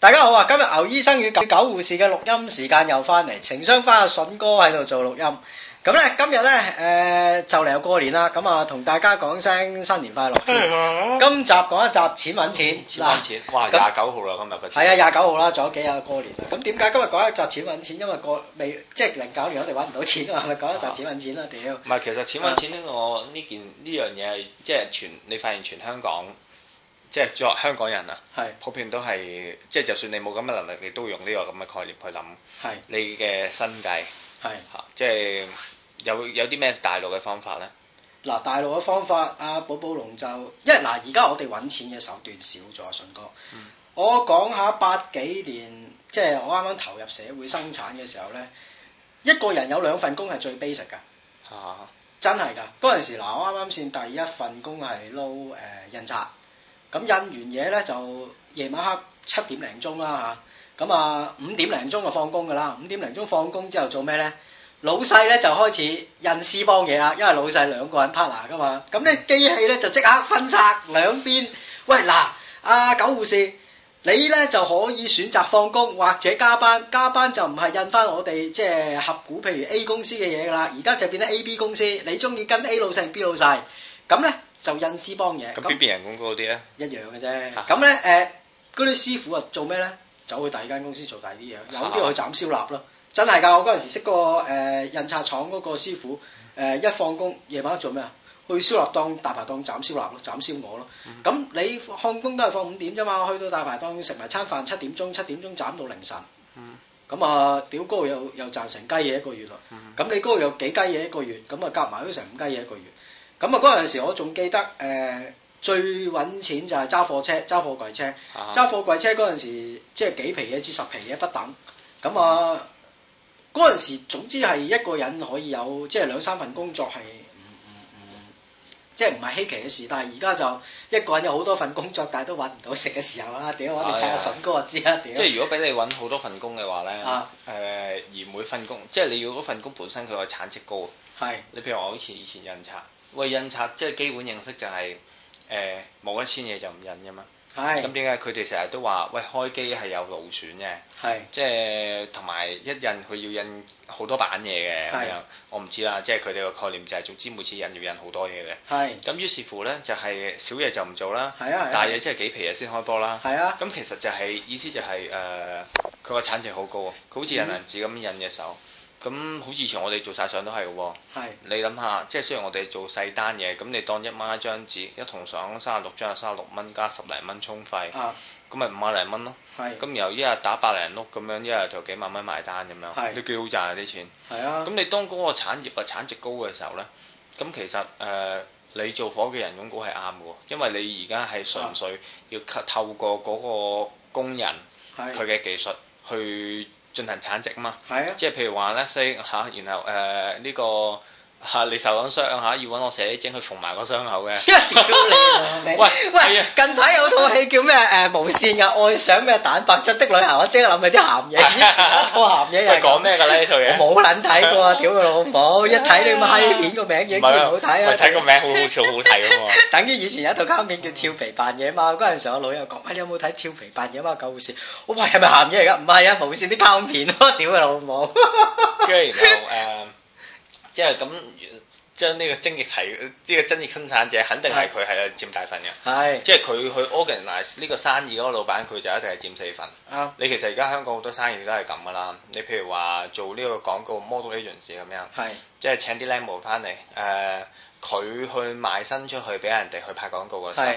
大家好啊！今日牛醫生與狗護士嘅錄音時間又翻嚟，情商花阿筍哥喺度做錄音。咁咧今日咧，誒、呃、就嚟有過年啦，咁啊同大家講聲新年快樂先。今集講一集錢揾錢，錢揾錢，哇廿九號啦今日，個係啊廿九號啦，仲有幾日過年，咁點解今日講一集錢揾錢？因為過未即係零九年我哋揾唔到錢啊，嘛。咪講一集錢揾錢啦，屌！唔係、啊、其實錢揾錢咧，啊、我呢件呢樣嘢係即係全你發現全香港。即係作為香港人啊，係是普遍都係即係，就是、就算你冇咁嘅能力，你都用呢個咁嘅概念去諗，係是你嘅生計，係吓是，即係、啊就是、有有啲咩大陸嘅方法咧？嗱，大陸嘅方法，阿寶寶龍就因為，嗱，而家我哋搵錢嘅手段少咗，順哥，嗯、我講下八幾年，即、就、係、是、我啱啱投入社會生產嘅時候咧，一個人有兩份工係最 basic 噶，吓、啊，真係噶，嗰陣時嗱，我啱啱先第一份工係撈誒印刷。呃嗯嗯嗯嗯咁印完嘢咧，就夜晚黑七點零鐘啦嚇。咁啊，啊五點零鐘就放工噶啦。五點零鐘放工之後做咩咧？老細咧就開始印私幫嘢啦，因為老細兩個人 partner 噶嘛。咁、啊、咧機器咧就即刻分拆兩邊。喂嗱，啊狗護士，你咧就可以選擇放工或者加班。加班就唔係印翻我哋即係合股，譬如 A 公司嘅嘢噶啦。而家就變咗 A、B 公司，你中意跟 A 老細、B 老細咁咧。就印私幫嘢，咁邊邊人工高啲咧？一樣嘅啫。咁咧誒，嗰啲、呃、師傅啊做咩咧？走去第二間公司做第二啲嘢，有啲去斬燒臘咯。啊、真係㗎，我嗰陣時識嗰個、呃、印刷廠嗰個師傅，誒、呃、一放工夜晚做咩啊？去燒臘檔大排檔斬燒臘咯，斬燒鵝咯。咁、嗯嗯、你放工都係放五點啫嘛，去到大排檔食埋餐飯七點鐘，七點鐘斬到凌晨。咁、嗯嗯、啊，屌哥又又賺成雞嘢一個月咯。咁你度有幾雞嘢一個月？咁啊夾埋都成五雞嘢一個月。咁啊！嗰陣時我仲記得，誒，最揾錢就係揸貨車、揸貨櫃車、揸貨櫃車嗰陣時，即係幾皮嘢至十皮嘢不等。咁啊，嗰陣時總之係一個人可以有即係兩三份工作係，即係唔係稀奇嘅事。但係而家就一個人有好多份工作，但係都揾唔到食嘅時候啊！點解我哋睇下筍哥就知啦，點解。即係如果俾你揾好多份工嘅話咧，誒，而每份工，即係你要嗰份工本身佢個產值高。係。你譬如話我好似以前印刷。喂，印刷即係基本認識就係、是，誒、呃、冇一千嘢就唔印嘅嘛。係是的。咁點解佢哋成日都話，喂開機係有勞損嘅。係是的。即係同埋一印佢要印好多版嘢嘅咁樣，我唔知啦。即係佢哋個概念就係、是，總之每次印要印好多嘢嘅。係。咁於是乎咧，就係、是、小嘢就唔做啦。係啊。大嘢即係幾皮嘢先開波啦。係啊的。咁其實就係、是、意思就係、是、誒，佢、呃、個產值高好高啊、嗯，佢好似印銀紙咁印隻手。咁好似以前我哋做晒相都係喎，你諗下，即係雖然我哋做細單嘢，咁你當一蚊一張紙，一同相三十六張就三十六蚊加十零蚊沖費，咁咪五啊零蚊咯，咁然後一日打百零碌咁樣，一日就幾萬蚊埋單咁樣，都幾好賺啊啲錢，咁你當嗰個產業啊產值高嘅時候呢，咁其實誒你做火嘅人工高係啱嘅，因為你而家係純粹要透過嗰個工人佢嘅技術去。進行產值啊嘛，的即係譬如話咧，所以嚇，然後誒呢、呃這個。吓你受緊傷嚇，要揾我寫整針去縫埋個傷口嘅。喂 喂，喂呀近排有套戲叫咩？誒無線嘅、啊《愛上咩蛋白質的旅行》，我即刻諗起啲鹹嘢，前一套鹹嘢又講咩㗎咧？呢套嘢我冇撚睇過，屌佢老母！一睇你咪閪片個名、 啊、已經唔好睇啦。睇個、啊、名好笑好似好好睇咁喎。 等於以前有一套卡片叫《跳皮扮嘢貓》嘛，嗰陣 時我老友講、哎：喂，你有冇睇《跳皮扮嘢貓》救護士？我話係咪鹹嘢嚟㗎？唔係啊，無線啲卡片咯，屌佢老母！跟住又誒即係咁，將呢個增值係，呢、這個增值生產者肯定係佢係佔大份嘅。係是，即係佢去 organize 呢個生意嗰、這個老闆，佢就一定係佔四份。啊、哦，你其實而家香港好多生意都係咁噶啦。你譬如話做呢個廣告 model agency 咁樣，係是即係請啲靚模翻嚟，誒、呃、佢去賣身出去俾人哋去拍廣告嘅時候。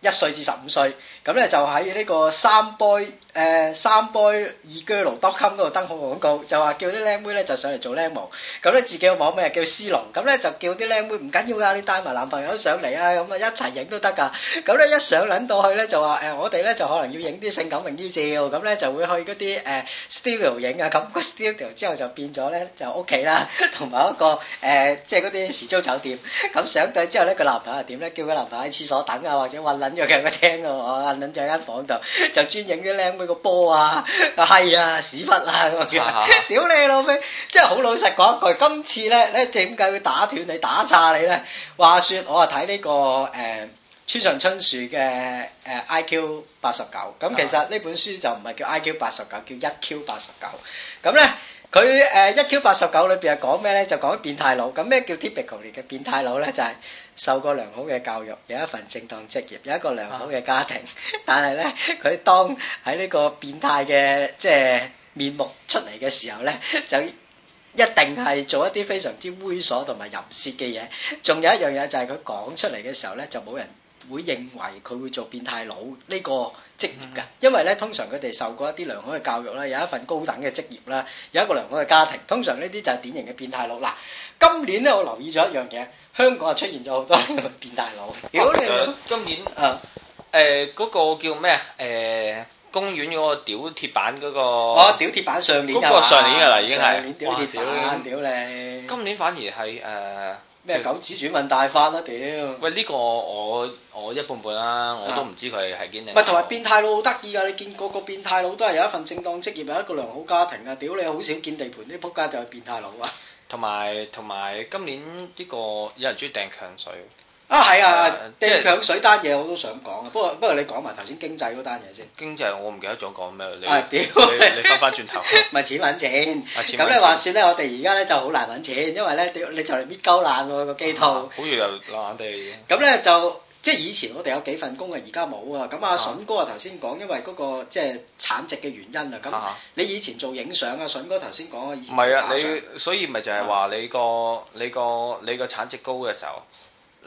一歲至十五歲，咁咧就喺呢個三 boy 誒三 boy 二 girl.com 嗰度登好廣告，就話叫啲僆妹咧就上嚟做僆模，咁咧自己個網名又叫 C 龍，咁咧就叫啲僆妹唔緊要㗎，你帶埋男朋友上嚟啊，咁啊一齊影都得㗎，咁咧一上攆到去咧就話誒，我哋咧就可能要影啲性感泳衣照，咁咧就會去嗰啲誒 studio 影啊，咁個 studio 之後就變咗咧就屋企啦，同埋一個誒即係嗰啲時租酒店，咁上到去之後咧，佢男朋友係點咧？叫佢男朋友喺廁所等啊，或者暈暈。揾著佢聽喎，我阿卵就喺間房度，就專影啲靚妹個波啊，係啊屎忽啊咁樣，屌你老味！即係好老實講一句，今次咧，咧點解會打斷你打岔你咧？話説我啊睇呢個誒村上春樹嘅誒 IQ 八十九，咁其實呢本書就唔係叫 IQ 八十九，叫一 Q 八十九，咁咧。佢誒一 Q 八十九裏邊係講咩咧？就講變態佬。咁咩叫 typical 嘅變態佬咧？就係、是、受過良好嘅教育，有一份正當職業，有一個良好嘅家庭。 但係咧，佢當喺呢個變態嘅即係面目出嚟嘅時候咧，就一定係做一啲非常之猥瑣同埋淫褻嘅嘢。仲有一樣嘢就係佢講出嚟嘅時候咧，就冇人會認為佢會做變態佬呢個職業㗎，因為咧通常佢哋受過一啲良好嘅教育啦，有一份高等嘅職業啦，有一個良好嘅家庭，通常呢啲就係典型嘅變態佬。嗱，今年咧我留意咗一樣嘢，香港啊出現咗好多變態佬。屌你老，今年誒誒嗰個叫咩誒公園嗰個，屌鐵板嗰個，哦屌鐵板上面㗎啦，上年㗎啦已經係，屌鐵板屌你，今年反而係誒。咩九子轉運大法啊，屌！喂，呢個我我一半半啦，啊，啊、我都唔知佢係堅定。唔係，同埋變態佬好得意噶，你見個個變態佬都係有一份正當職業，有一個良好家庭啊！屌你好少見地盤啲撲街就係變態佬啊！同埋同埋今年呢個有人中意掟強水。啊，係啊，即係搶水單嘢，我都想講啊。不過不過，你講埋頭先經濟嗰單嘢先。經濟我唔記得咗講咩？你、啊、 你翻翻轉頭，咪 錢揾錢。咁咧話說咧，我哋而家咧就好難揾錢，因為咧你就嚟搣鳩爛個機套，好似又爛地。咁咧、嗯、就即係以前我哋有幾份工啊，而家冇啊。咁阿筍哥啊，頭先講因為嗰個即係產值嘅原因啊。咁你以前做影相剛剛啊，筍哥頭先講啊，以前。唔係啊，你啊所以咪就係話你、那個、啊、你個你個產值高嘅時候。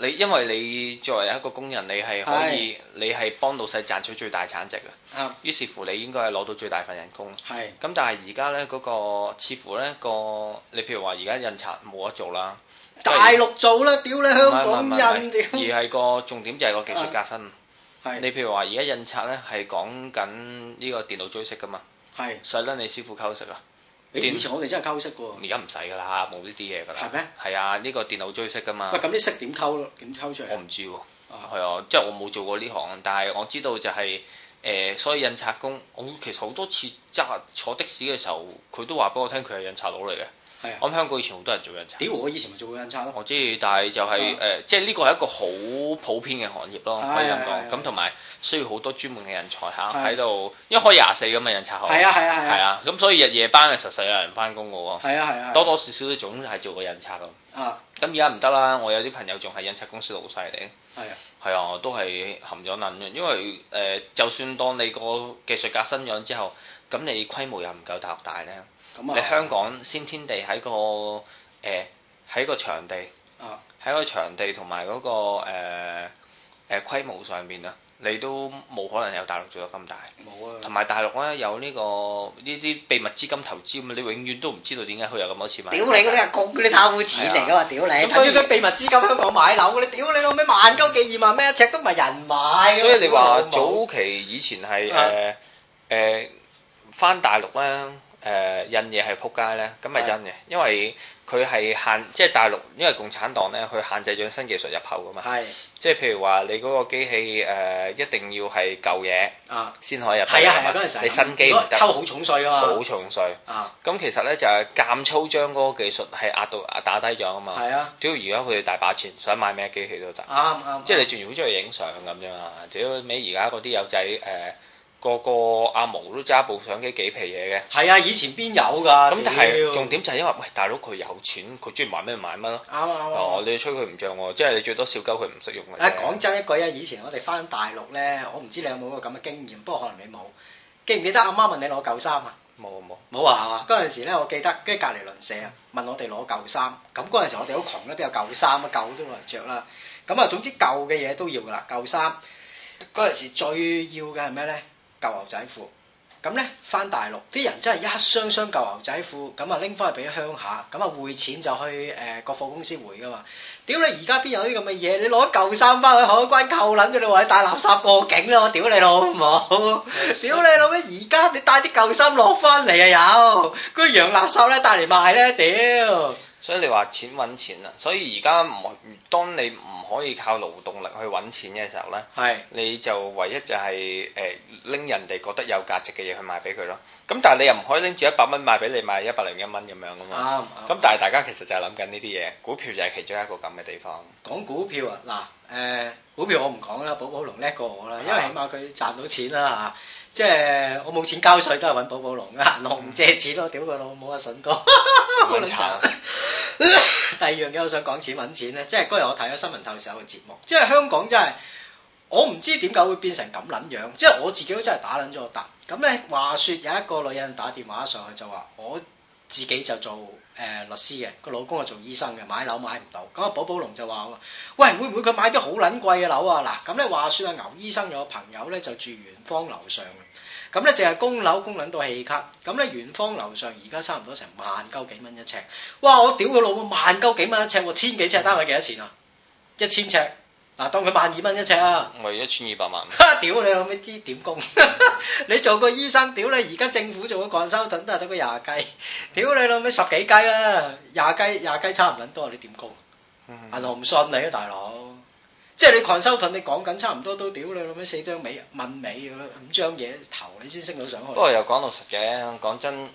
你因為你作為一個工人，你係可以，的你係幫老細賺取最大產值嘅。啊，於是乎你應該係攞到最大份人工。係的。咁但係而家呢嗰、那個，似乎呢、那個，你譬如話而家印刷冇得做啦。大陸做啦，屌為你香港印。而係個重點就係個技術革新。啊、你譬如話而家印刷呢，係講緊呢個電腦追色嘅嘛。係的。所以咧，你師傅溝食啊。以前我哋真係溝色噶喎，而家唔使噶啦，冇呢啲嘢噶啦。係咩？係啊，呢個電腦追色噶嘛。喂，咁啲色點溝咯？點溝出嚟？我唔知喎。係啊，即係我冇做過呢行，但係我知道就係誒，所以印刷工，我其實好多次揸坐的士嘅時候，佢都話俾我聽，佢係印刷佬嚟嘅。我諗香港以前好多人做印刷。屌，我以前咪做過印刷咯。我知，但係就係誒，即係呢個係一個好普遍嘅行業咯，可以咁講。咁同埋需要好多專門嘅人才嚇喺度，一開廿四咁嘅印刷行。係啊係啊係啊。咁所以日夜班嘅實實有人翻工嘅喎。係啊係啊。多多少少都總係做過印刷咯。咁而家唔得啦，我有啲朋友仲係印刷公司老細嚟。係啊。係啊，都係含咗撚嘅，因為誒，就算當你個技術革新咗之後，咁你規模又唔夠大，大咧。你香港先天地喺個誒喺、呃、個場地，喺、啊、個場地同埋嗰個誒誒、呃呃、規模上面，啊，你都冇可能有大陸做得咁大。冇啊！同埋大陸咧有呢、這個呢啲秘密資金投資，你永遠都唔知道點解佢有咁多錢嘛。屌你！嗰啲係你嗰貪污錢嚟噶嘛！屌、啊、你！咁所以啲秘密資金香港買樓你屌你老味萬幾幾二萬咩？尺都唔係人買。所以你話、嗯啊、早期以前係誒誒翻大陸咧。 嗯誒印嘢係撲街咧，咁咪真嘅，因為佢係限，即係大陸因為共產黨咧，佢限制咗新技術入口噶嘛，係，即係譬如話你嗰個機器誒一定要係舊嘢啊，先可以入，係啊係啊，嗰陣時，你新機唔得，抽好重稅啊嘛，好重稅啊，咁其實咧就係減抽將嗰個技術係壓到啊！打低咗啊嘛，係啊，主要而家佢哋大把錢，想買咩機器都得，啱啱，即係你完全好中意影相咁啫嘛，主要尾而家嗰啲友仔誒。個個阿毛都揸部相機幾皮嘢嘅，係啊！以前邊有㗎？咁就係重點就係因為喂，大佬佢有錢，佢中意買咩買乜咯？啱啊！哦、啊啊啊啊，你吹佢唔脹喎，即係你最多小鳩佢唔識用啊！講真一句啊，以前我哋翻大陸咧，我唔知你有冇個咁嘅經驗，不過可能你冇。記唔記得阿媽，媽問你攞舊衫啊？冇冇冇啊！嗰陣時咧，我記得跟住隔離鄰舍問我哋攞舊衫，咁嗰陣時我哋好窮咧，邊有舊衫啊？舊都冇人著啦。咁啊，總之舊嘅嘢都要㗎啦，舊衫。嗰陣時最要嘅係咩咧？舊牛仔褲，咁咧翻大陸啲人真係一箱箱舊牛仔褲，咁啊拎翻去俾鄉下，咁啊匯錢就去誒國貨公司匯噶嘛。屌你而家邊有啲咁嘅嘢？你攞舊衫翻去海關扣捻咗你，話你帶垃圾過境啦！我屌你老母，屌 你老咩？而家你帶啲舊衫落翻嚟又有，嗰啲洋垃圾咧帶嚟賣咧，屌！ 所以你話錢揾錢啊，所以而家唔當你唔可以靠勞動力去揾錢嘅時候咧，係是你就唯一就係誒拎人哋覺得有價值嘅嘢去賣俾佢咯。咁但係你又唔可以拎住一百蚊賣俾你賣一百零一蚊咁樣啊嘛。咁、嗯嗯嗯嗯、但係大家其實就係諗緊呢啲嘢，股票就係其中一個咁嘅地方。講股票啊，嗱誒股票我唔講啦，寶寶龍叻過我啦，是因為起碼佢賺到錢啦嚇。即係我冇錢交稅，都係揾寶寶龍，龍唔借錢咯，屌佢老母阿筍、啊、哥，第二樣嘢我想講錢揾錢咧，即係嗰日我睇咗新聞透視成日有個節目，即係香港真係我唔知點解會變成咁撚樣，樣，即係我自己都真係打撚咗個突。咁咧話説有一個女人打電話上去就話我。自己就做誒律師嘅，個老公係做醫生嘅，買樓買唔到，咁啊寶寶龍就話喂，會唔會佢買啲好撚貴嘅樓啊？嗱，咁咧話説啊牛醫生有個朋友咧就住元芳樓上，咁咧淨係供樓供撚到氣咳，咁咧元芳樓上而家差唔多成萬鳩幾蚊一尺，哇！我屌佢老母萬鳩幾蚊一尺喎，千幾尺單位幾多錢啊？一千尺。嗱，當佢萬二蚊一尺啊！我係一千二百萬。屌你老味啲點供？你做個醫生，屌你而家政府做個廣修盾都係得個廿雞。屌、嗯、 你老味十幾雞啦，廿雞廿雞差唔多。你點供？嗯、我唔信你啊，大佬。即係你廣修盾，你講緊差唔多都屌你老味四張尾問尾嘅啦，五張嘢頭你先升到上去。不過又講到實嘅，講真誒，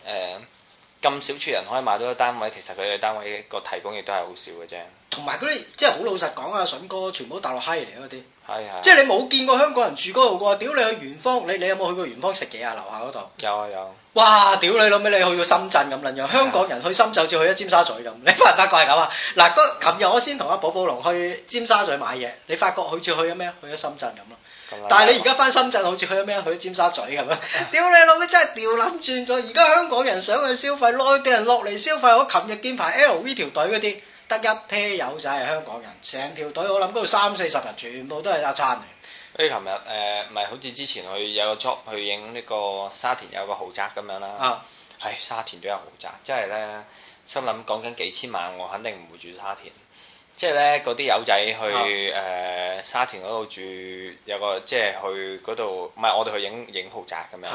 咁、呃、少處人可以買到一個單位，其實佢嘅單位個提供亦都係好少嘅啫。同埋嗰啲即係好老實講啊，筍哥全部都大陸閪嚟嗰啲，是是是即係你冇見過香港人住嗰度喎。屌是你去元芳，你你有冇去過元芳食嘢啊？樓下嗰度有啊有。有哇！屌你老味，你去到深圳咁撚樣，香港人去深圳好似去咗尖沙咀咁。的你發唔發覺係咁啊？嗱，琴日我先同阿寶寶龍去尖沙咀買嘢，你發覺好似去咗咩？去咗深圳咁咯。的但係你而家返深圳好似去咗咩？去咗尖沙咀咁啊！的 屌你老味，真係掉捻轉咗。而家香港人想去消費，內地人落嚟消費。我琴日見排 LV 條隊嗰啲。得一批友仔係香港人，成條隊我諗都三四十人，全部都係阿燦。跟住琴日誒，唔、呃、係好似之前去有個 job 去影呢個沙田有個豪宅咁樣啦。啊、哦哎，沙田都有豪宅，即係咧心諗講緊幾千萬，我肯定唔會住沙田。即係咧嗰啲友仔去誒、哦呃、沙田嗰度住有個，即係去嗰度唔係我哋去影影豪宅咁樣。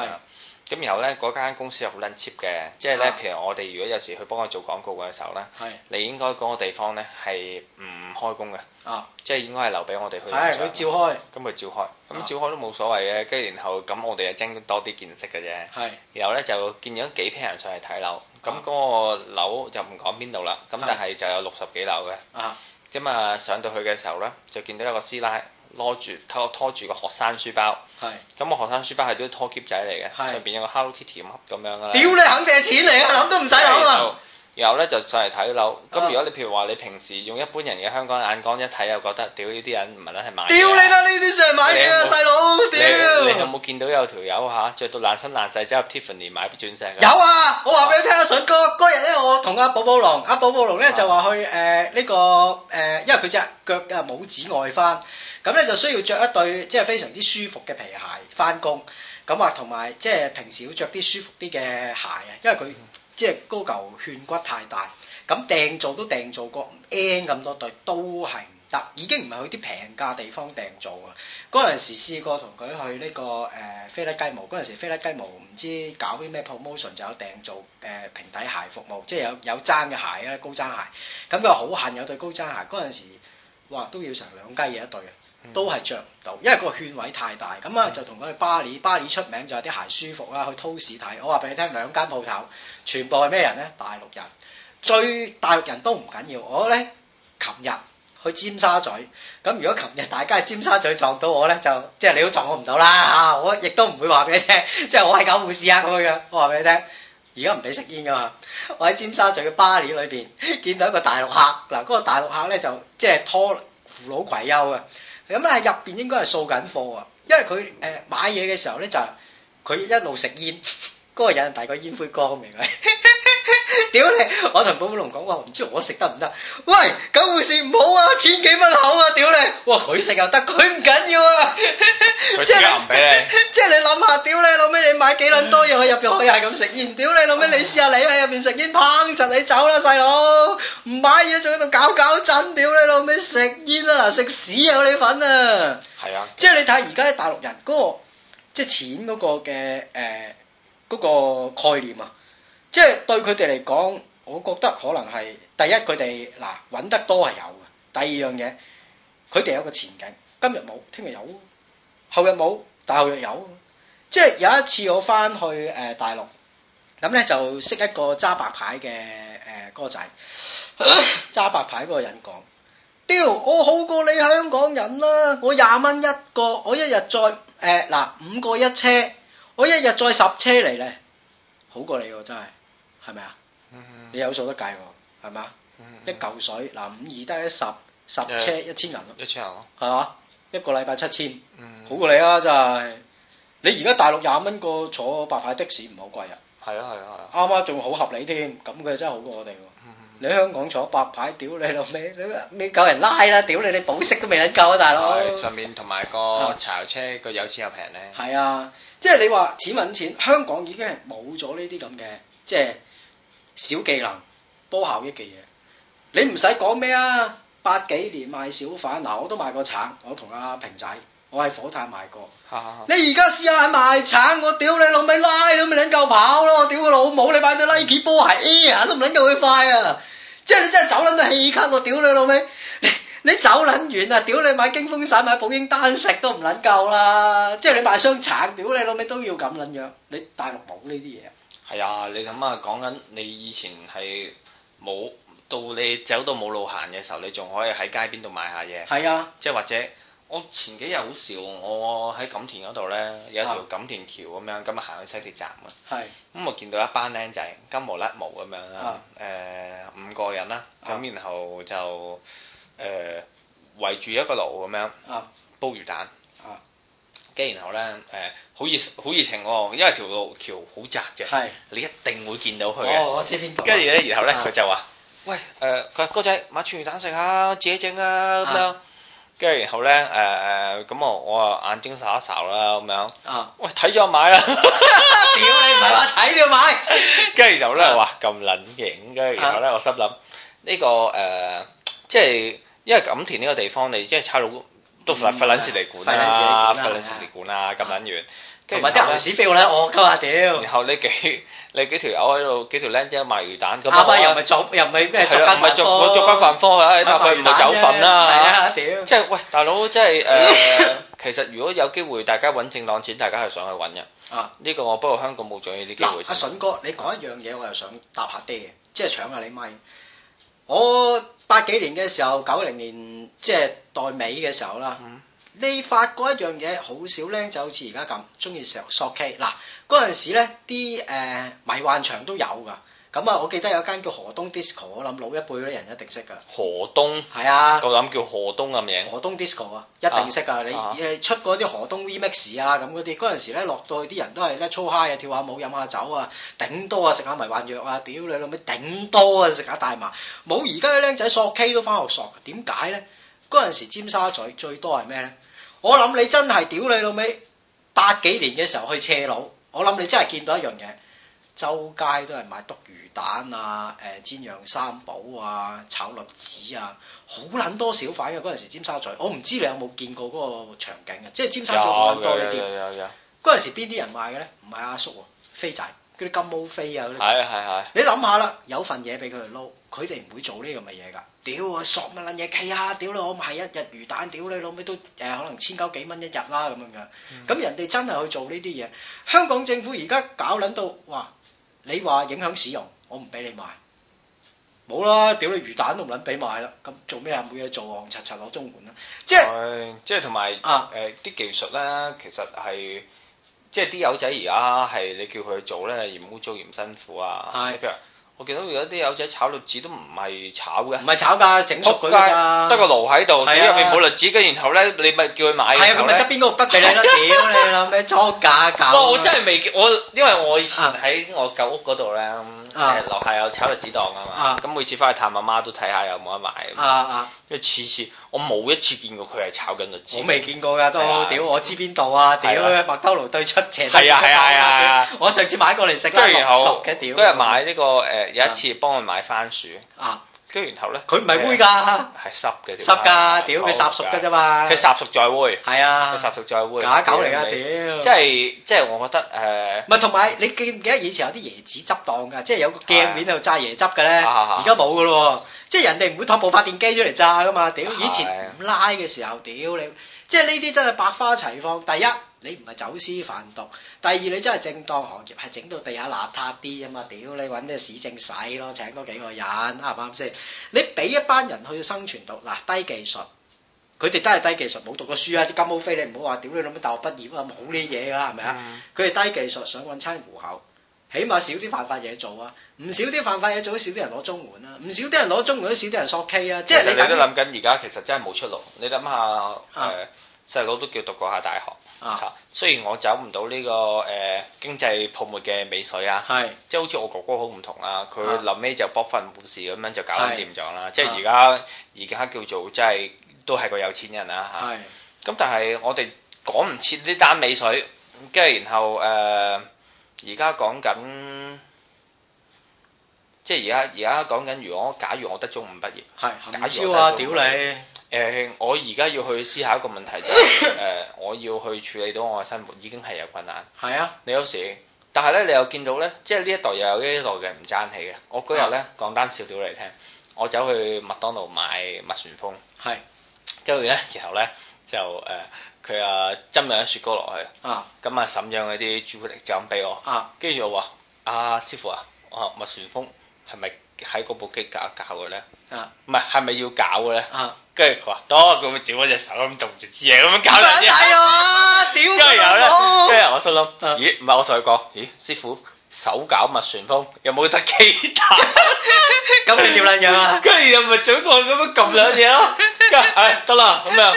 咁然後咧，嗰間公司又好撚 cheap 嘅，即係咧，譬如我哋如果有時去幫佢做廣告嘅時候咧，係是你應該嗰個地方咧係唔開工嘅，啊，即係應該係留俾我哋去影相，係佢照開，咁佢照開，咁照開都冇所謂嘅，跟住然後咁我哋又增多啲見識嘅啫，係。然後咧就，是就見咗幾批人上去睇樓，咁嗰是、嗯嗰個樓就唔講邊度啦，咁但係就有六十幾樓嘅，啊是，咁啊、嗯、上到去嘅時候咧就見到一個師奶。攞住，拖拖住個學生書包，係咁個學生書包係都拖喼仔嚟嘅，是上邊有個 Hello Kitty 咁咁樣啦。屌你肯，肯定係錢嚟，諗都唔使諗啦。然後咧就上嚟睇樓，咁、嗯、如果你譬如話你平時用一般人嘅香港眼光一睇又覺得，屌呢啲人唔係撚係買嘅。屌你啦，呢啲先係買嘢啊，細佬，屌！你，你，你，你有冇見到有條友吓？着到爛身爛世，走入 Tiffany 買啲鑽石？有啊，我話俾你聽啊，順哥，嗰日咧我同阿寶寶龍，阿寶寶龍咧就話去誒呢個誒，因為佢隻腳啊拇指、啊呃這個呃、外翻，咁咧就需要着一對即係非常之舒服嘅皮鞋返工，咁話同埋即係平時要着啲舒服啲嘅鞋啊，因為佢。即係高嚿勸骨太大，咁訂做都訂做過 N 咁多對都係唔得，已經唔係去啲平價地方訂做啊！嗰陣時試過同佢去呢、這個誒、呃、飛粒雞毛，嗰陣時飛粒雞毛唔知搞啲咩 promotion 就有訂做誒、呃、平底鞋服務，即係有有踭嘅鞋啊，高踭鞋，咁佢好恨有對高踭鞋，嗰陣時哇都要成兩雞嘢一對啊！都係着唔到，因為個圈位太大，咁啊就同佢去巴黎，巴黎出名就係、有啲鞋舒服啦。去 Tod's 睇，我話俾你聽，兩間鋪頭全部係咩人咧？大陸人，最大陸人都唔緊要。我咧，琴日去尖沙咀，咁如果琴日大家喺尖沙咀撞到我咧，就即係你都撞我唔到啦嚇。我亦都唔會話俾你聽，即係我係搞護士啊咁樣。我話俾你聽，而家唔俾食煙噶嘛。我喺尖沙咀嘅巴黎裏邊見到一個大陸客，嗱，嗰個大陸客咧就即係拖扶老攜幼啊！咁啊，入邊、嗯、應該係掃緊貨啊，因為佢誒、呃、買嘢嘅時候咧就，係佢一路食煙，嗰 個人大過煙灰缸，明唔明？屌 你！我同寶寶龍講，我唔知我食得唔得。喂，九護士唔好啊，千幾蚊口啊！屌、啊、 是你！我佢食又得，佢唔緊要啊。佢即係你諗下，屌你老尾，你買幾捻多嘢入去，又係咁食煙。屌你老尾，你試下你喺入邊食煙，砰！陳你走啦，細佬！唔買嘢仲喺度搞搞震，屌你老尾！食煙啊嗱，食屎有你份啊！係啊，即係你睇而家啲大陸人嗰、那個即係、就是、錢嗰個嘅誒嗰個概念啊。即係對佢哋嚟講，我覺得可能係第一，佢哋嗱揾得多係有嘅。第二樣嘢，佢哋有個前景，今日冇，聽日有，後日冇，大後日有。即係有一次我返去誒大陸，咁咧就識一個揸白牌嘅誒哥仔，揸、呃、白牌嗰個人講：，屌， 我好過你香港人啦！我廿蚊一個，我一日再誒嗱、呃、五個一車，我一日再十車嚟咧，好過你、啊、真係。係咪啊？你有數得計喎，係咪啊？一嚿水嗱，五二得一十十車一千人，一千人咯，係嘛？一個禮拜七千，好過你啊！真係你而家大陸廿蚊個坐白牌的士唔好貴啊！係啊係啊係啊，啱啱仲好合理添，咁佢真係好過我哋。你香港坐白牌，屌你老味，你夠人拉啦，屌你！你保釋都未捻夠啊，大佬！上面同埋個柴油車個有錢又平咧。係啊，即係你話錢揾錢，香港已經係冇咗呢啲咁嘅，即係。小技能多效益嘅嘢，你唔使講咩啊！八幾年賣小販嗱，我都賣過橙，我同阿平仔，我喺火炭賣過。哈哈哈哈你而家試下賣橙，我屌你老味拉都唔拎夠跑咯！屌佢老母，你買對 Nike 波鞋 Air 都唔拎到佢快啊！即係你真係走撚到氣咳，我屌你老味，你走撚完啊！屌你買驚風散，買保嬰丹食都唔拎夠啦！即係你賣箱橙，屌你老味都要咁撚樣，你大陸冇呢啲嘢。係啊、哎，你諗啊，講緊你以前係冇到你走到冇路行嘅時候，你仲可以喺街邊度買下嘢。係啊的，即係或者我前幾日好笑，我喺錦田嗰度咧，有一條錦田橋咁樣，今日行去西鐵站啊。係的。咁啊、嗯，我見到一班僆仔金毛甩毛咁樣啊，誒的、呃、五個人啦，咁的，然後就誒、呃、圍住一個爐咁樣，煲魚蛋。跟然後咧，誒好熱好熱情喎，因為條路橋好窄嘅，係你一定會見到佢嘅。哦，我知邊度。跟住咧，然後咧，佢就話：喂，誒，佢話哥仔買串魚蛋食下，自己整啊。咁樣。跟住然後咧，誒誒，咁我我啊眼睛灑一灑啦，咁樣。啊。喂，睇咗我買啦！屌你唔係話睇咗買！跟住就咧話咁撚型，跟住然後咧我心諗呢個誒，即係因為錦田呢個地方，你即係差佬。都係弗撚事嚟管啦，弗撚事嚟管啦，咁撚完，同埋啲牛屎飛我咧，我鳩啊屌！然後呢幾，呢幾條友喺度，幾條僆仔賣魚蛋，咁啊又唔係做，又唔係咩做不犯科，唔係做不犯科啊，但係佢唔係走份啦，係啊屌！即係喂，大佬即係誒，其實如果有機會，大家揾正當錢，大家係想去揾嘅啊，呢個我不過香港冇咗呢啲機會。嗱，阿筍哥，你講一樣嘢，我又想搭下爹嘅，即係搶下你咪。我八幾年嘅時候，九零年即係代尾嘅時候啦，嗯、你發覺一樣嘢好少咧，就好似而家咁，中意成日索 K 嗱，嗰、啊、陣時咧啲誒迷幻場都有噶。咁啊，我記得有間叫河東 disco，我諗老一輩啲人一定識噶啦。河東係啊，我諗叫河東嘅嘢。河東 disco 啊，一定識噶。你出過啲河東 Vmax 啊咁嗰啲，嗰陣時咧落到去啲人都係咧粗 high 啊，跳下舞飲下酒啊，頂多啊食下迷幻藥啊，屌你老味頂多啊食下大麻。冇而家嘅僆仔索 K 都翻學索，點解咧？嗰陣時尖沙咀最多係咩咧？我諗你真係屌你老味八幾年嘅時候去斜佬，我諗你真係見到一樣嘢。周街都係賣篤魚蛋啊，誒煎釀三寶啊，炒栗子啊，好捻多小販嘅嗰陣時尖沙咀，我唔知你有冇見過嗰個場景啊？即係尖沙咀好捻多呢啲。嗰陣、yeah, yeah, yeah, yeah、時邊啲人賣嘅咧？唔係阿叔，飛仔，嗰啲金毛飛啊啲。係系係。Is, is, 你諗下啦，有份嘢俾佢哋撈，佢哋唔會做呢咁嘅嘢噶。屌，啊，索乜捻嘢企下屌你，我賣一日魚蛋，屌你老尾都誒，可能千九幾蚊一日啦咁樣。咁人哋真係去做呢啲嘢，香港政府而家搞捻到哇！你話影響市容，我唔俾你賣，冇啦，屌你魚蛋都唔撚俾賣啦，咁做咩啊？冇嘢做，戇柒柒攞中門啦，即係、哎、即係同埋誒啲技術咧，其實係即係啲友仔而家係你叫佢做咧，嫌污糟、嫌辛苦啊，係嘅是。我見到而家啲友仔炒栗子都唔係炒嘅，唔係炒㗎，整熟佢㗎，得個爐喺度，入邊冇栗子嘅。然後咧，你咪叫佢買。係啊，咁咪側邊嗰個筆俾你囉。屌你諗咩假。架搞？我真係未，我因為我以前喺我舊屋嗰度咧，樓下有炒栗子檔啊嘛。咁每次翻去探阿媽都睇下有冇得買。因為次次我冇一次見過佢係炒緊栗子。我未見過㗎都，屌我知邊度啊？屌麥當勞對出斜對。係啊係啊係啊！我上次買過嚟食都熟嘅屌。都係買呢個誒。有一次幫佢買番薯啊，跟住然後咧，佢唔係灰㗎，係濕嘅。濕㗎，屌佢烚熟㗎啫嘛，佢烚熟再灰，係啊，佢烚熟再灰。假狗嚟㗎，屌！即係即係，我覺得誒。唔係同埋你記唔記得以前有啲椰子汁檔㗎，即係有個鏡面喺度榨椰汁㗎咧。而家冇㗎咯喎，即係人哋唔會托部發電機出嚟榨㗎嘛，屌！以前唔拉嘅時候，屌你，即係呢啲真係百花齊放。第一。你唔係走私販毒，第二你真係正當行業，係整到地下邋遢啲啊嘛！屌你揾啲市政使咯，請多幾個人，啱唔啱先？你俾一班人去生存度嗱，低技術，佢哋都係低技術，冇讀過書啊啲金毛飛，你唔好話屌你諗咩大學畢業啊，冇呢嘢噶，係咪啊？佢哋、嗯、低技術，想揾餐糊口，起碼少啲犯法嘢做啊。唔少啲犯法嘢做，少啲人攞綜援啦；唔少啲人攞綜援，都少啲人索 K 啊。即係你，你都諗緊，而家其實真係冇出路。你諗下，誒細佬都叫讀過下大學。啊啊啊，雖然我走唔到呢個誒、呃、經濟泡沫嘅尾水啊，係是，即係好似我哥哥好唔同啊，佢臨尾就搏份護士咁樣就搞掂咗長啦，即係而家而家叫做即係都係個有錢人啦、啊、嚇，咁是、啊、但係我哋講唔切呢單尾水，跟住然後誒，而、呃、家講緊，即係而家而家講緊，如果假如我得中五畢業，係是，假如啊屌你！誒，我而家要去思考一個問題就係誒，我要去處理到我嘅生活已經係有困難。係啊，你有時，但係咧，你又見到咧，即係呢一代又有呢一代嘅唔爭氣嘅。我嗰日咧講單笑料嚟聽，我走去麥當勞買麥旋風，係，跟住咧，然後咧就誒，佢啊斟兩雪糕落去，啊，咁啊，沈陽嗰啲朱古力醬俾我，啊，跟住我話啊，師傅啊，我麥旋風係咪喺嗰部機搞搞嘅咧？啊，唔係，係咪要搞嘅咧？啊。跟住佢話多，咁樣剪開隻手咁動住支嘢咁樣搞兩嘢。跟住有啦，跟住我心諗，咦？唔係我同佢講，咦？師傅手攪麥旋風，有冇得機打？咁你點兩樣啊？跟住又咪做一個咁樣撳兩嘢咯。跟住誒得啦咁樣。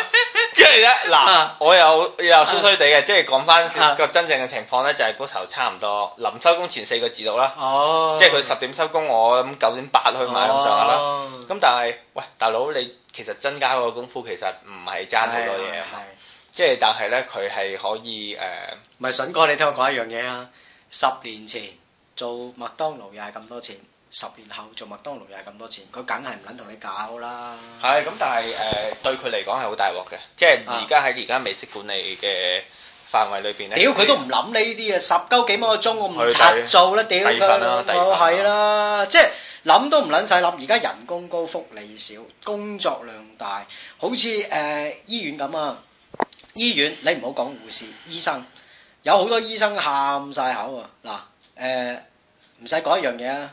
跟住咧嗱，我又又衰衰哋嘅，即係講翻個真正嘅情況咧，就係嗰時候差唔多臨收工前四個字到啦。哦。即係佢十點收工，我咁九點八去買咁上下啦。咁但係喂，大佬你。其實增加嗰個功夫其實唔係爭好多嘢啊，即係但係咧，佢係可以誒，唔係筍哥，你聽我講一樣嘢啊！十年前做麥當勞又係咁多錢，十年後做麥當勞又係咁多錢，佢梗係唔撚同你搞啦。係咁，但係誒對佢嚟講係好大鑊嘅，即係而家喺而家美式管理嘅範圍裏邊咧，屌佢都唔諗呢啲啊！十鳩幾蚊個鐘我唔拆做啦，屌佢！係啦，即係。諗都唔諗晒諗，而家人工高，福利少，工作量大，好似誒醫院咁啊！醫院,醫院你唔好講護士，醫生有好多醫生喊晒口啊！嗱誒，唔使講一樣嘢啊！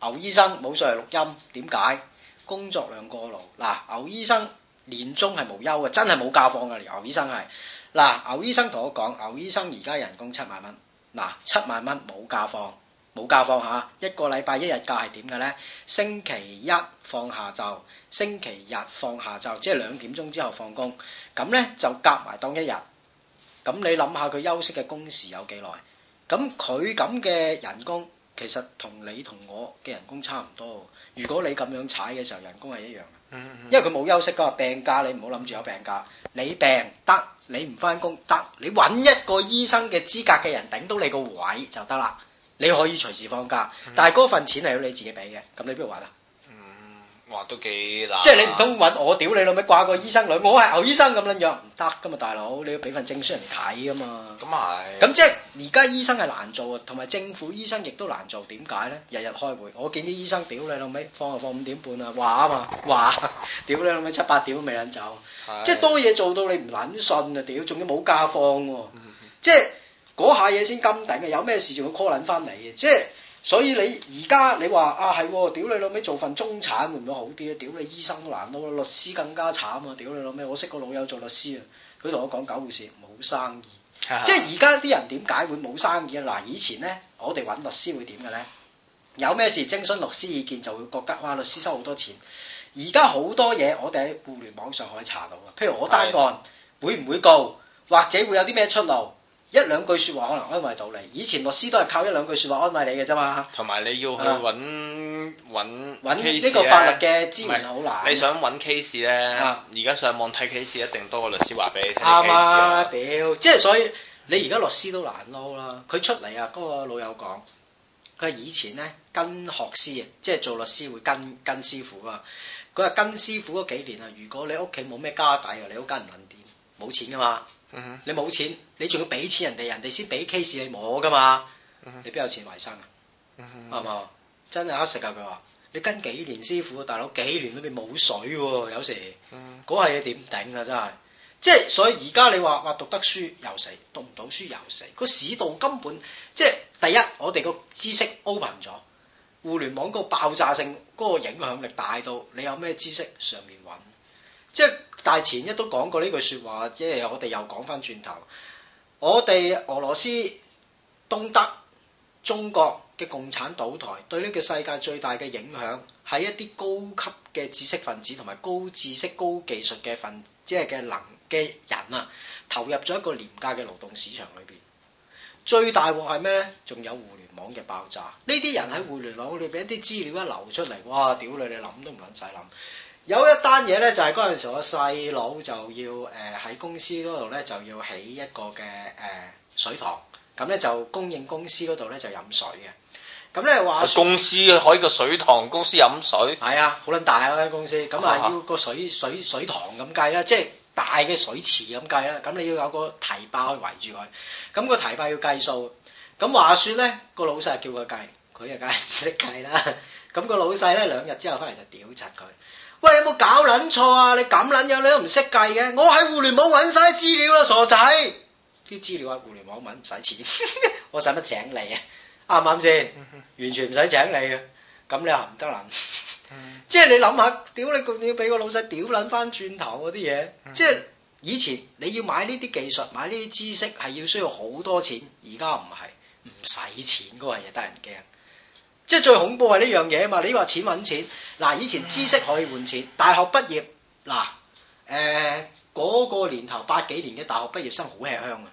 牛醫生冇上嚟錄音，點解？工作量過勞嗱，牛醫生年終係無休嘅，真係冇假放嘅。牛醫生係嗱，牛醫生同我講，牛醫生而家人工七萬蚊嗱，七萬蚊冇假放。冇假放下一個禮拜一日假係點嘅咧？星期一放下晝，星期日放下晝，即係兩點鐘之後放工，咁咧就夾埋當一日。咁你諗下佢休息嘅工時有幾耐？咁佢咁嘅人工其實同你同我嘅人工差唔多。如果你咁樣踩嘅時候，人工係一樣，因為佢冇休息噶，病假你唔好諗住有病假。你病得，你唔返工得，你揾一個醫生嘅資格嘅人頂到你個位就得啦。你可以隨時放假，嗯、但係嗰份錢係要你自己俾嘅，咁你邊度揾啊？嗯，哇，都幾難。即係你唔通揾我屌你老味，掛個醫生女，我係牛醫生咁撚樣，唔得噶嘛，大佬，你要俾份證書人嚟睇噶嘛。咁啊係。咁即係而家醫生係難做，同埋政府醫生亦都難做，點解咧？日日開會，我見啲醫生屌你老味，放啊放五點半啊，話啊嘛話，屌你老味七八點都未捻走，是即係多嘢做到你唔捻信啊！屌仲要冇假放喎，嗯、即係。嗰下嘢先金頂啊！有咩事就會 call 緊翻你嘅，即係所以你而家你話啊係，屌你老味做份中產會唔會好啲咧？屌你醫生都難到，律師更加慘啊！屌你老味，我識個老友做律師啊，佢同我講，九護士冇生意，係係即係而家啲人點解會冇生意咧？嗱，以前呢，我哋揾律師會點嘅呢？有咩事徵詢律師意見就會覺得哇、啊、律師收好多錢。而家好多嘢我哋喺互聯網上可以查到嘅，譬如我單案會唔會告，或者會有啲咩出路。一兩句説話可能安慰到你，以前律師都係靠一兩句説話安慰你嘅啫嘛。同埋你要去揾呢吧找 case 個法律嘅資源好呢難。你想揾 case 咧，而家吧上網睇 case 一定多過律師話俾你聽。啱吧啊，屌了！即係所以你而家律師都難撈啦。佢出嚟啊，嗰、那個老友講，佢係以前咧跟學師啊，即係做律師會跟跟師傅啊。佢話跟師傅嗰幾年啊，如果你屋企冇咩家底啊，你嗰間人撚掂，冇錢噶嘛。嗯、你冇錢，你仲要俾錢人哋，人哋先俾 case 你摸噶嘛？你邊有錢維生啊？係嘛？ 真係乞食啊！佢話：你跟幾年師傅大佬，幾年都未冇水喎、啊，有時嗰係嘢點頂啊！真係即係，所以而家你話話讀得書又死，讀唔到書又死。個市道根本即係第一，我哋個知識 open 咗，互聯網嗰個爆炸性嗰個影響力大到你有咩知識上面揾，即係大前一都講過呢句説話，即係我哋又講返轉頭。我哋俄羅斯、東德、中國嘅共產倒台，對呢個世界最大嘅影響，係一啲高級嘅知識分子同埋高知識、高技術嘅分即係嘅能嘅人啊，投入咗一個廉價嘅勞動市場裏邊。最大鑊係咩？仲有互聯網嘅爆炸。呢啲人喺互聯網裏邊一啲資料一流出嚟，哇！屌你，你諗都唔撚使諗。有一單嘢咧，就係嗰陣時我細佬就要誒喺、呃、公司嗰度咧，就要起一個嘅誒、呃、水塘，咁咧就供應公司嗰度咧就飲水嘅。咁咧話公司可以個水塘，公司飲水。係啊，好撚大嗰、啊、間公司，咁啊要個水水水塘咁計啦，即係大嘅水池咁計啦。咁你要有個堤壩圍住佢，咁個堤壩要計數。咁話説咧，個老細叫佢計，佢又梗係唔識計啦。咁個老細咧兩日之後翻嚟就屌窒佢。喂，有冇搞捻錯啊？你咁捻樣，你都唔識計嘅。我喺互聯網揾晒資料啦，傻仔。啲資料喺互聯網揾唔使錢， 我使乜請你啊？啱唔啱先？完全唔使請你啊！咁你又唔得捻。即 係你諗下，屌你個，你要俾個老細屌捻翻轉頭嗰啲嘢。即係以前你要買呢啲技術、買呢啲知識，係要需要好多錢。而家唔係，唔使錢嗰樣嘢得人驚。即係最恐怖係呢樣嘢啊嘛！你話錢揾錢，嗱，以前知識可以換錢，大學畢業嗱，誒嗰個年頭八幾年嘅大學畢業生好吃香啊！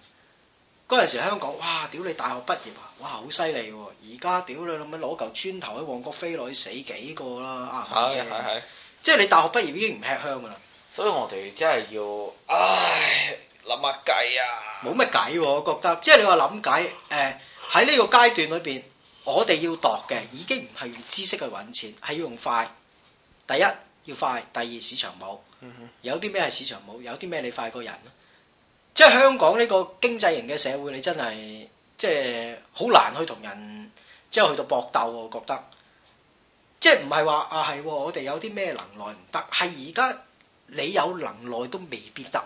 嗰陣時香港哇，屌你大學畢業啊，哇好犀利喎！而家屌你咁樣攞嚿磚頭喺旺角飛，落去死幾個啦啊！係係係係，即係你大學畢業已經唔吃香噶啦，所以我哋真係要唉諗下計啊！冇乜計喎，我覺得即係你話諗計誒喺呢個階段裏邊。我哋要度嘅，已經唔係用知識去揾錢，係要用快。第一要快，第二市場冇。有啲咩係市場冇？有啲咩你快過人？即係香港呢個經濟型嘅社會，你真係即係好難去同人即係去到搏鬥，我覺得即係唔係話啊係，我哋有啲咩能耐唔得？係而家你有能耐都未必得。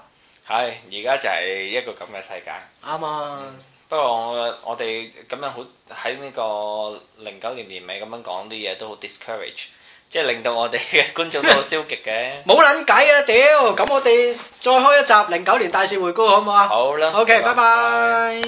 係而家就係一個咁嘅世界。啱嘛！嗯不過我我哋咁樣好喺呢個零九年年尾咁樣講啲嘢都好 discourage，即係令到我哋嘅觀眾都好消極嘅。冇撚解啊屌！咁 我哋再開一集零九年大事回顧好唔好啊？ 好啦。OK，拜拜。